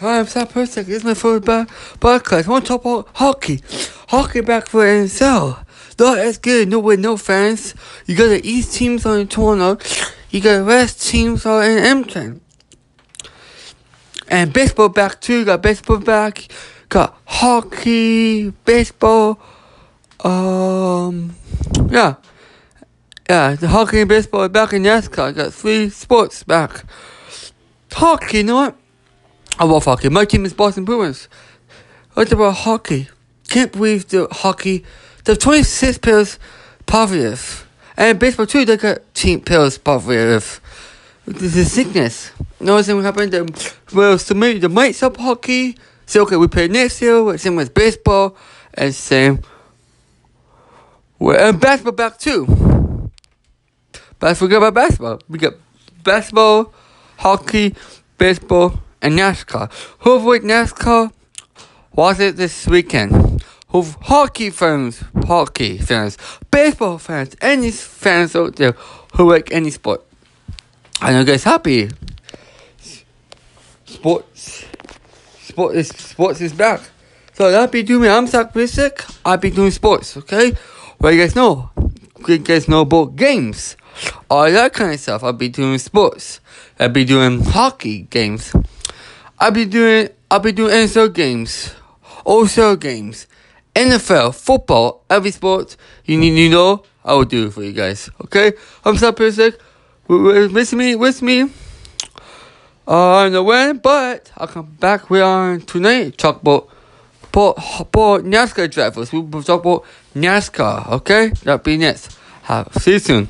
I am so perfect. It's my first back podcast. On top of hockey. Hockey back for NSL. Not as good. No with no fans. You got the East teams on Toronto. You got the West teams on in Edmonton. And baseball back too. You got baseball back. You got hockey, baseball. Um, yeah. Yeah, the hockey and baseball back in NASCAR. You got three sports back. Hockey, you know what? Oh, about hockey. My team is Boston Bruins. What oh, about hockey? Can't believe the hockey. The 26 players positive. And baseball too, they got 10 players positive. This is sickness. Noticing what happened? The, well, so maybe the might up hockey. So okay, we play next year. Same with baseball, and same with We got basketball, hockey, baseball. and NASCAR. Who avoid NASCAR was it this hockey fans, hockey fans, baseball fans, any fans out there who like any sport. I know guys happy. Sports, sports sports. Okay, well you guys know, you guys know games, all that kind of stuff. I'll be doing sports. I'll be doing hockey games. I'll be doing I'll be doing NFL games, all star games, NFL, football, every sport you need you know, I will do it for you guys. Okay? I'm Sam Persic. With me, with me. Uh, I don't know when, but I'll come back. We are tonight talk about, about, about NASCAR drivers. We'll talk about NASCAR, okay? That'll be next. Have, see you soon.